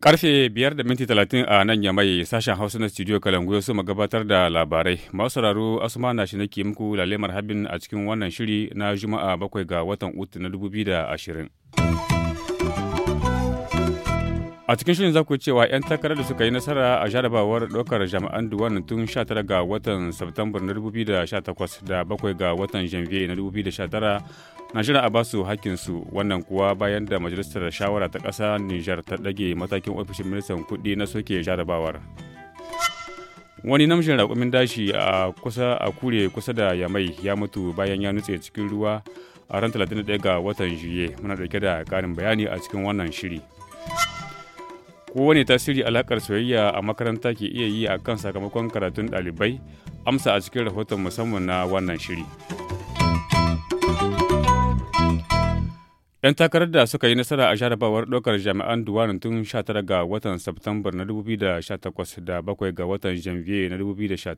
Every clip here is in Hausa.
Karfe biyar da minti talatin a nan ya yamai sashen Hausa na studio Kalangu ya soma gabatar da labarai. Masu sauraro Asuma na shi nake muku lalemar habin a cikin wannan shiri na Juma'a bakwai ga watan Utu na ashirin. A cikin shirin za ku cewa 'yan takarar da suka yi nasara a jarabawar ɗaukar jami'an Duwan tun 19 ga watan Satumbar na 2018 da 7 ga watan Janvier na 2019 na shirin a basu hakkinsu wannan kuwa bayan da Majalisar Shawara ta ƙasa Nijar ta ɗage matakin ofishin ministan kuɗi na soke jarabawar. wani namshin raƙumin dashi a kusa a kure kusa da yamai ya mutu bayan ya nutse cikin ruwa a ran 31 ga watan juye muna dauke da ƙarin bayani a cikin wannan shiri kowane tasiri alakar soyayya a makaranta ke iya yi a kan sakamakon karatun ɗalibai amsa a cikin rahoton musamman na wannan shiri. 'yan takarar da suka yi nasara a jarabawar ɗaukar jami'an duwanin tun 19 ga watan Septambar na 2018 da 7 ga watan Janvier na 2019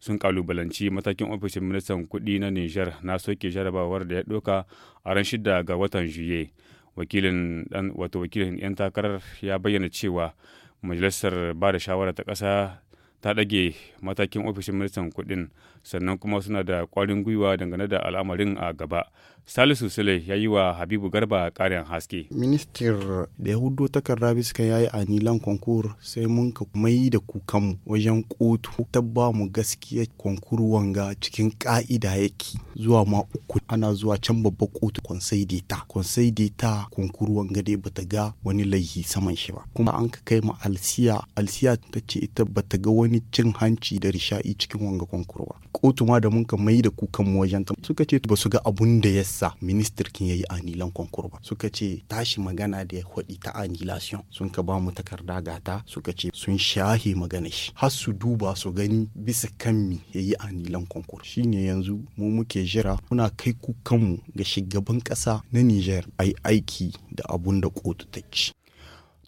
sun kalubalanci matakin ofishin ministan kuɗi na Nijar na soke jarabawar da ya ɗauka a ran 6 ga watan Juye. wakilin dan wato wakilin 'yan takarar ya bayyana cewa majalisar ba da shawara ta ƙasa ta ɗage matakin ofishin ministan kuɗin sannan kuma suna da ƙwarin gwiwa dangane da al'amarin a gaba Salisu Sule ya yi wa Habibu Garba ƙarin haske. Ministir da ya hudu takarda bisa ya yi a Nilan Konkur sai mun ka mai da kukanmu wajen kotu ta ba mu gaskiya konkur wanga cikin ka'ida yake zuwa ma uku ana zuwa can babba kotu konsai data Konsai data konkur wanga dai bata ga wani laihi saman shi ba. Kuma an ka kai ma Alsiya, Alsiya ta ce ita bata ga wani cin hanci da risha'i cikin wanga konkur ba. Kotu ma da mun ka mai da kukanmu wajen ta suka ce ba su ga abun da ya yasa ministirkin ya yi anilan konkur ba suka ce tashi magana da ya kwaɗi ta anilation sun ka ba mu takarda gata suka ce sun shahe magana shi har su duba su gani bisa kan mi ya yi anilan konkur shine yanzu mu muke jira muna kai kukanmu ga shugaban kasa na Nijar ai aiki da abun da kotu ta ci.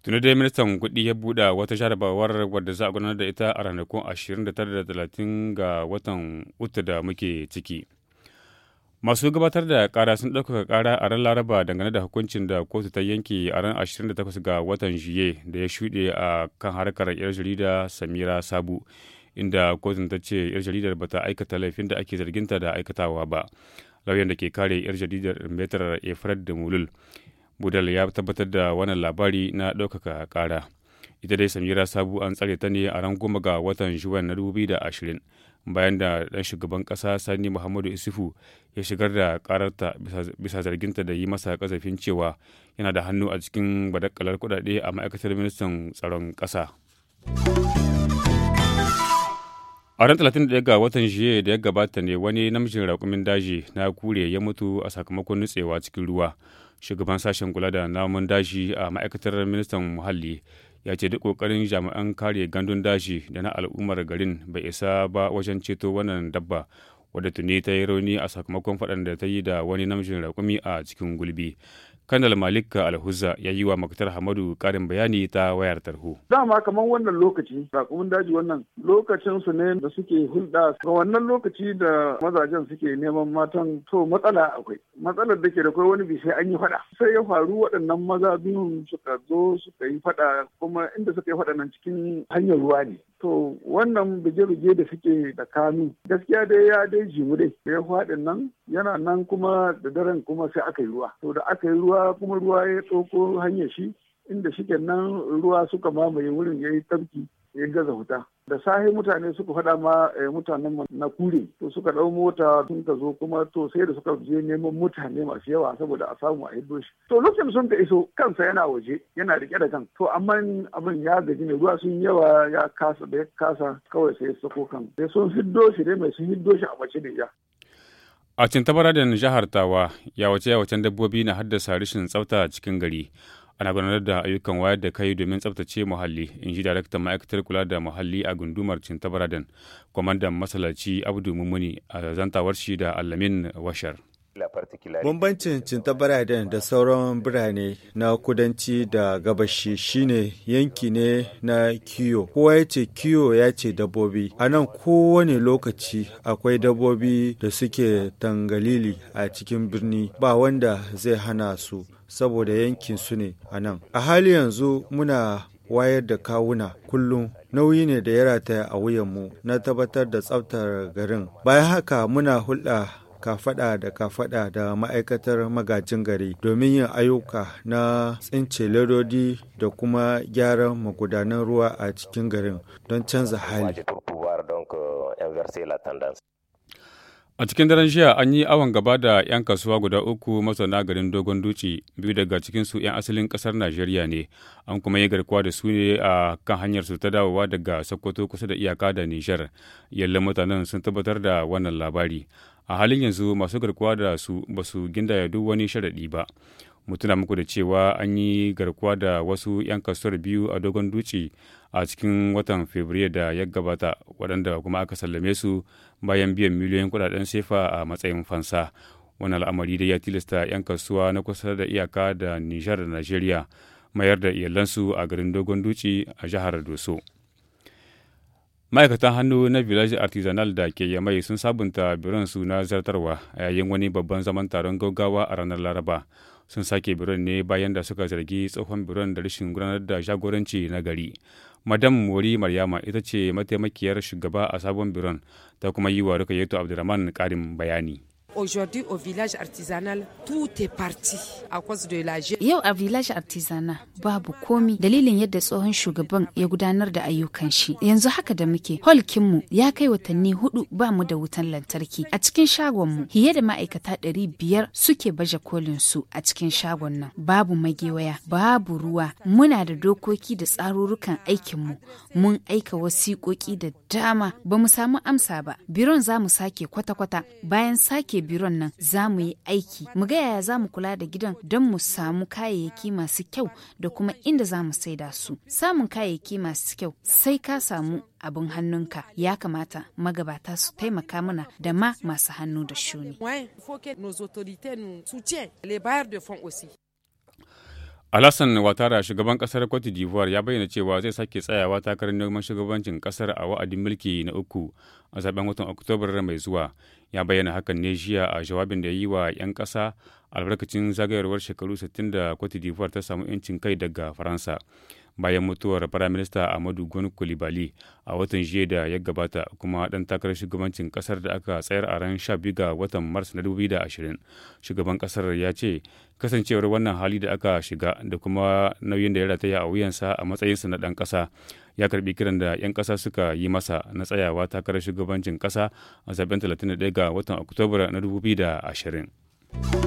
tuni dai ministan kuɗi ya buɗe wata jarabawar wadda za a gudanar da ita a ranakun 29 da 30 ga watan uku da muke ciki. Masu gabatar da kara sun ɗaukaka kara a ran Laraba dangane da hukuncin da kotu ta yanke a ran 28 ga watan Juye da ya shuɗe a kan harkar 'yar jarida Samira Sabu, inda kotun ta ce 'yar jaridar ba ta aikata laifin da ake zarginta da aikatawa ba. Lauyan da ke kare 'yar jaridar Metar Efred da Mulul, Budal ya tabbatar da wannan labari na ɗaukaka kara. Ita dai Samira Sabu an tsare ta ne a ran goma ga watan Juwan na 2020. bayan da ɗan shugaban ƙasa sani muhammadu isufu ya shigar da kararta bisa zarginta da yi masa kazafin cewa yana da hannu a cikin badakalar kuɗaɗe a ma'aikatar ministan tsaron ƙasa a ran 31 ga watan jiye da ya gabata ne wani namijin raƙumin daji na kure ya mutu a sakamakon nutsewa cikin ruwa shugaban sashen kula da namun daji a ma'aikatar ministan muhalli ya ce duk kokarin jami'an kare gandun daji da na al'ummar garin bai isa ba wajen ceto wannan dabba wadda tuni ta yi rauni a sakamakon faɗan da ta yi da wani namijin raƙumi a cikin gulbi Kanal malik Alhuza ya yi wa Maktar Hamadu karin bayani ta wayar tarho. Dama kamar wannan lokaci, rakumin daji wannan lokacin su ne da suke hulɗa. Ga wannan lokaci da mazajen suke neman matan to matsala akwai. Matsalar da ke da kai wani bishe an yi faɗa. Sai ya faru waɗannan maza biyun suka zo suka yi faɗa kuma inda suka yi faɗa nan cikin hanyar ruwa ne. to wannan bige-bige da suke da kanu gaskiya dai ya dai jimu dai da ya faɗin nan yana nan kuma da daren kuma sai aka yi ruwa to da aka yi ruwa kuma ruwa ya tsoko hanyar shi inda shi nan ruwa suka mamaye wurin ya yi tafki ya gaza huta da sahi mutane suka faɗa ma eh, mutanen na kure to suka ɗau mota sun ka zo kuma to sai da suka je neman mutane masu yawa saboda a samu a yi shi to lokacin sun ta iso kansa yana waje yana riƙe da kan to amma abin ya gaji ne ruwa sun yawa ya kasa da ya kasa kawai sai sako kan sai sun hiddo shi dai mai sun hiddo shi a mace ne ya a cintabara da jihar tawa yawace-yawacen dabbobi na haddasa rashin tsafta cikin gari ana gudanar da ayyukan wayar da kai domin tsabtace muhalli in ji daraktan ma'aikatar kula da muhalli a gundumar cintabaradan kwamandan masalaci abdu mummuni a zantawar shi da alamin washar Bambancin cintabaradan da sauran birane na kudanci da gabashi shine yanki ne na kiyo. Kowa ya ce kiyo ya ce dabbobi. A nan kowane lokaci akwai dabbobi da suke tangalili a cikin birni ba wanda zai hana su. saboda yankin su ne a nan. A hali yanzu muna wayar da kawuna kullum nauyi ne da ya rataya a wuyanmu na tabbatar da tsaftar garin. Bayan haka muna hulɗa kafaɗa da kafaɗa da ma'aikatar magajin gari domin yin ayyuka na tsince lerodi da kuma gyaran magudanan ruwa a cikin garin don canza hali. A cikin daren jiya an yi awon gaba da 'yan kasuwa guda uku mazauna garin Dogon Duci, biyu daga cikin su 'yan asalin kasar Najeriya ne, an kuma yi garkuwa da su ne a kan hanyar su ta dawowa daga Sokoto kusa da iyaka da Nijar. Yalla mutanen sun tabbatar da wannan labari. A halin yanzu masu garkuwa da su ba su gindaya duk wani sharaɗi ba. mu tuna muku da cewa an yi garkuwa da wasu 'yan kasuwar biyu a dogon duci a cikin watan fabrairu da ya gabata waɗanda kuma aka sallame su bayan biyan miliyoyin kudaden sefa a matsayin fansa wani al'amari da ya tilasta 'yan kasuwa na kusa da iyaka da nijar da najeriya mayar da iyalansu a garin dogon duci a jihar doso ma'aikatan hannu na village artisanal da ke yamai sun sabunta biransu na zartarwa a yayin wani babban zaman taron gaugawa a ranar laraba sun sake biron ne bayan da suka zargi tsohon biron da rashin gudanar da jagoranci na gari. Madam Mori Maryama ita ce mataimakiyar shugaba a sabon biron ta kuma yi wa rukayeto Abdulrahman ƙarin bayani. Aujourd'hui, au village artisanal, tout est parti à cause de la Yau a village artisanal babu komi dalilin yadda tsohon shugaban ya gudanar da ayyukan shi. Yanzu haka da muke, Holkin kinmu ya kai watanni hudu ba mu da wutan lantarki. A cikin shagon mu, fiye da ma'aikata ɗari biyar suke baje kolin su a cikin shagon nan. Babu magewaya, babu ruwa, muna da dokoki da tsarurrukan aikinmu. Mun aika wasiƙoƙi da dama, ba mu samu amsa ba. Biron za mu sake kwata-kwata bayan sake biron nan za mu yi aiki mu ga yaya za mu kula da gidan don mu samu kayayyaki masu kyau da kuma inda za mu saida su samun kayayyaki masu kyau sai ka samu abin hannunka ya kamata magabata su taimaka mana da ma masu hannu da shuni. alassane Watara shugaban kasar Cote d'Ivoire ya bayyana cewa zai sake tsayawa takarar neman shugabancin kasar a wa'adin mulki na uku a zaben watan Oktobar mai zuwa. Ya bayyana hakan ne jiya a jawabin da ya yi wa 'yan kasa. albarkacin zagayowar shekaru 60 da cote d'ivoire ta samu 'yancin kai daga faransa bayan mutuwar firaminista amadu gwani kulibali a watan jiya da ya gabata kuma dan takarar shugabancin kasar da aka tsayar a ran 12 ga watan mars na 2020 shugaban kasar ya ce kasancewar wannan hali da aka shiga da kuma nauyin da ya rataya a wuyansa a matsayinsa na dan kasa ya karbi kiran da 'yan kasa suka yi masa na tsayawa takarar shugabancin kasa a zaben 31 ga watan oktoba na 2020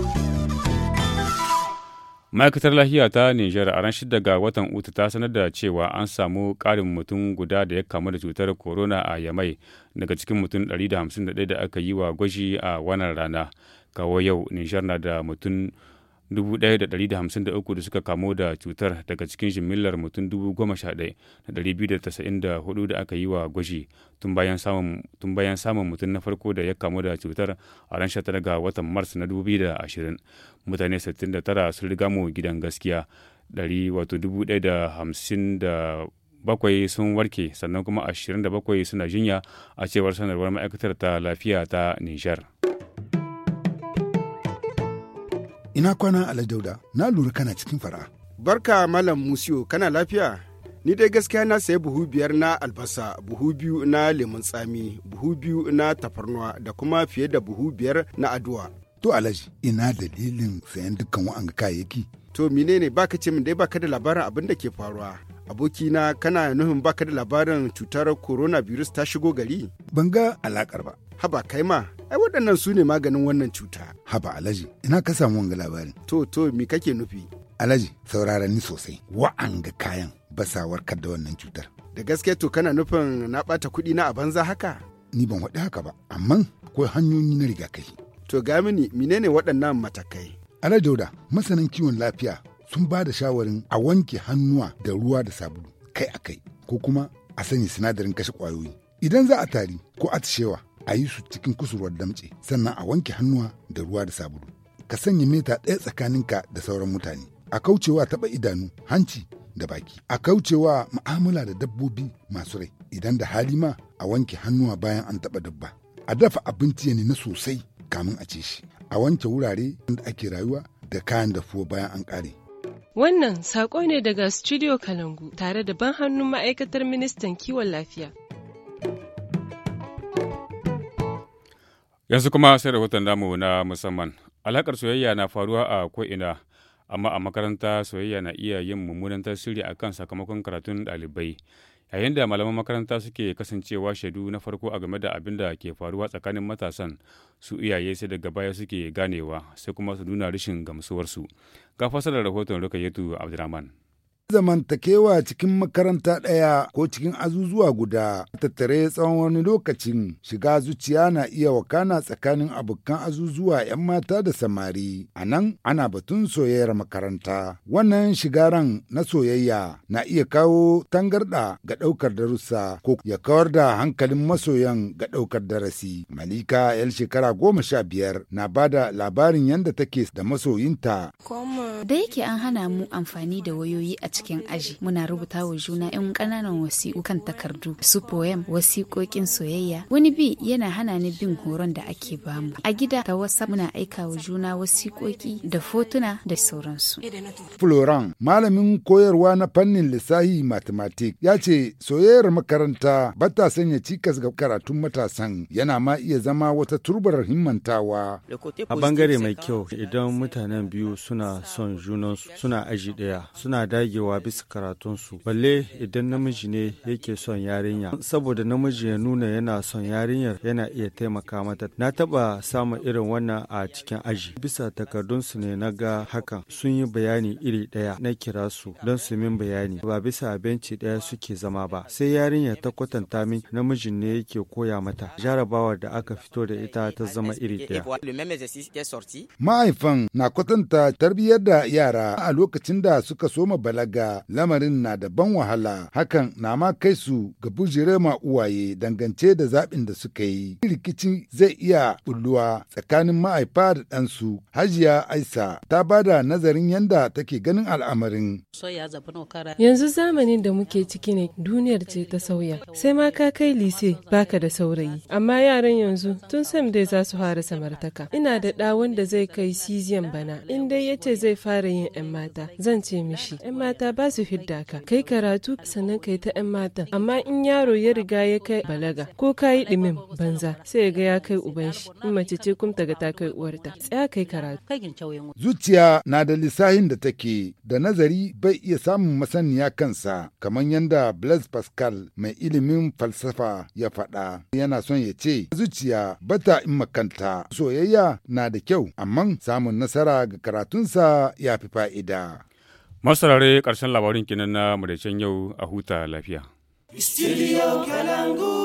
ma'aikatar lafiya ta nijar a ran shida ga watan uta ta sanar da cewa an samu karin mutum guda da ya kamu da cutar corona a yamai daga cikin mutum 151 da aka yi wa gwaji a wannan rana kawo yau nijar na da mutum 1,153 da suka kamu da cutar daga cikin jimillar mutum 11,294 da aka yi wa gwaji tun bayan samun mutum na farko da ya kamu da cutar a ran 19 ga watan mars na 2020 mutane 69 sun riga mu gidan gaskiya 1,157 bakwai sun warke sannan kuma 27 suna jinya a cewar sanarwar ma'aikatar ta lafiya ta nijar. Ina kwana Aladauda, na lura kana cikin fara. Barka Malam Musiyo, kana lafiya? Ni dai gaskiya na sayi buhu biyar na albasa, buhu biyu na lemun tsami, buhu biyu na tafarnuwa da kuma fiye da buhu biyar na aduwa. To Alhaji, ina dalilin sayan dukkan wa'anga kayayyaki. To menene baka ce min dai baka da labarin abin da ke faruwa? abokina kana nufin baka da labarin cutar coronavirus ta shigo gari? Ban ga alakar ba, haba kai ma. ai waɗannan su ne maganin wannan cuta. Haba alaji ina ka samu wanga labarin. To, to, me kake nufi? alaji saurara ni sosai, wa'anga kayan basawar warkar da wannan cutar. Da gaske to kana nufin na bata kuɗi na a banza haka? Ni ban waɗi haka ba, amma akwai hanyoyi na rigakafi. To ga mini, menene waɗannan matakai? Alhaji Dauda, masanin kiwon lafiya sun ba da shawarin a wanke hannuwa da ruwa da sabulu kai a kai, ko kuma a sanya sinadarin kashe ƙwayoyi. Idan za a tari ko atishewa, a yi su cikin kusurwar damce sannan a wanke hannuwa da ruwa da sabulu ka sanya mita ɗaya tsakaninka da sauran mutane a kaucewa taɓa idanu hanci da baki a kaucewa mu'amala da dabbobi masu rai idan da hali ma a wanke hannuwa bayan an taɓa dabba a dafa abinci ya na sosai kamin a ce shi a wanke wurare da ake rayuwa da kayan dafuwa bayan an ƙare wannan saƙo ne daga studio kalangu tare da ban hannun ma'aikatar ministan kiwon lafiya Yanzu kuma sai rahoton damu na musamman. Alakar soyayya na faruwa a ko'ina, amma a makaranta soyayya na iya yin mummunan tasiri a kan sakamakon karatun ɗalibai. Yayin da malaman makaranta suke kasancewa shaidu na farko a game da abin da ke faruwa tsakanin matasan, su iyaye sai daga baya suke ganewa, sai kuma su nuna rashin gamsuwarsu. Ga fasarar rahoton Rukayyatu Abdulrahman. zamantakewa cikin makaranta ɗaya ko cikin azuzuwa guda tattare tsawon wani lokacin shiga zuciya na iya wakana tsakanin abokan azuzuwa 'yan mata da samari a nan ana batun soyayyar makaranta wannan shigaran na soyayya na iya kawo tangarɗa ga ɗaukar darussa ko ya kawar da hankalin masoyan ga ɗaukar darasi malika 'yan shekara goma sha biyar na bada labarin yadda take da masoyinta da yake an hana mu amfani da wayoyi a cikin aji muna rubuta wa juna yan kananan wasiƙu kan takardu su poem wasiƙoƙin soyayya wani bi yana hana ni bin horon da ake bamu a gida ta wasa muna aika wa juna wasiƙoƙi da fotuna da sauransu. Floran malamin koyarwa na fannin lissahi mathematics ya ce soyayyar makaranta ba ta sanya cikas ga karatun matasan yana ma iya zama wata turbar himmantawa. A bangare mai kyau idan mutanen biyu suna son junansu suna aji ɗaya suna dagewa cewa bisa karatunsu balle idan namiji ne yake son yarinya saboda namiji ya nuna yana son yarinyar yana iya taimaka mata na taba samun irin wannan a cikin aji bisa takardunsu ne na ga hakan sun yi bayani iri ɗaya na kira su don su min bayani ba bisa benci ɗaya suke zama ba sai yarinya ta kwatanta min namijin ne yake koya mata jarabawar da aka fito da ita ta zama iri ɗaya ma'aifan na kwatanta tarbiyyar da yara a lokacin da suka soma balaga ga lamarin na da ban wahala hakan na ma kai su ga bujire ma uwaye dangance da zaɓin da suka yi. Rikici zai iya bulluwa tsakanin ma'aifa da ɗansu. Hajiya Aisa ta ba da nazarin yanda take ganin al'amarin. Yanzu zamanin da muke ciki ne duniyar ce ta sauya. Sai ma ka kai lise baka da saurayi. Amma yaran yanzu tun sam dai za su fara samartaka. Ina da ɗa wanda zai kai siziyan bana. In dai yace zai fara yin 'yan mata zan ce mishi 'yan mata ba su fidda ka kai karatu sannan kai ta yan matan amma in yaro ya riga ya kai balaga ko ka yi dimin banza sai ya ga ya kai uban shi in mace ce kuma taga ta kai uwarta tsaya kai karatu zuciya na da lissahin da take da nazari bai iya samun masaniya kansa kamar yadda blaise pascal mai ilimin falsafa ya faɗa yana son ya ce zuciya bata in makanta soyayya na da kyau amma samun nasara ga karatunsa ya fi fa'ida Masarare karshen labarin kinan na maraicen yau a huta lafiya. Studio Kalangu.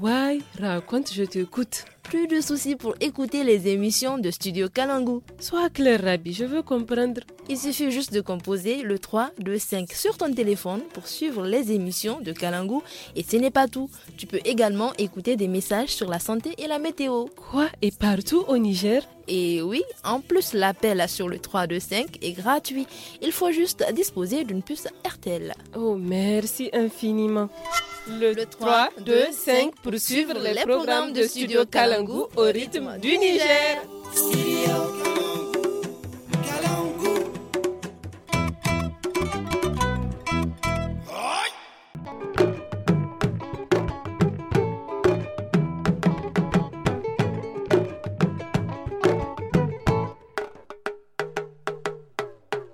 Ouais, raconte, je t'écoute. Plus de soucis pour écouter les émissions de Studio Kalangu. Sois clair, Rabbi, je veux comprendre. Il suffit juste de composer le 3, 2, 5 sur ton téléphone pour suivre les émissions de Kalangu. Et ce n'est pas tout. Tu peux également écouter des messages sur la santé et la météo. Quoi Et partout au Niger et oui, en plus, l'appel sur le 3, 2, 5 est gratuit. Il faut juste disposer d'une puce RTL. Oh, merci infiniment le 3, 2, 5 pour suivre les programmes de Studio Kalangu au rythme du Niger.